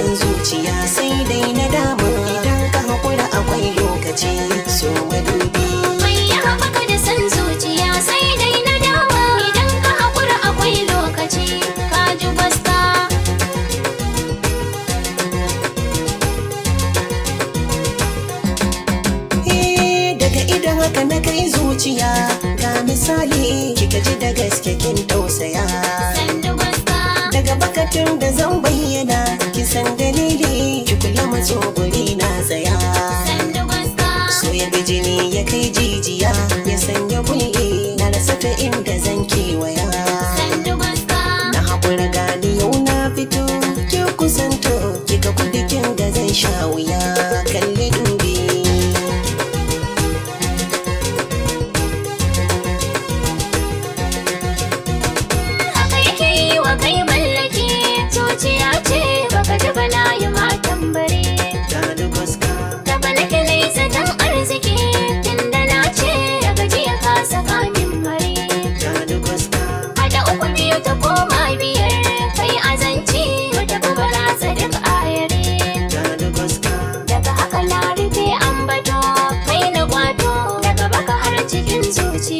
san zuciya sai dai na dama idan ka haƙura akwai lokaci so madubi mai ya haɓaka da san zuciya sai dai na dama idan ka haƙura akwai lokaci ka ji basta eh, daga idan haka na kai zuciya ga misali kika ji da gaske kin tausaya daga bakatin da alheri ki kula maso guri na tsaya so ya jini ya kai jijiya ya sanya kulli na rasa ta inda zan kewaya na haƙura gani yau na fito ki kusanto kika kudikin da zan sha wuya kalli 就去。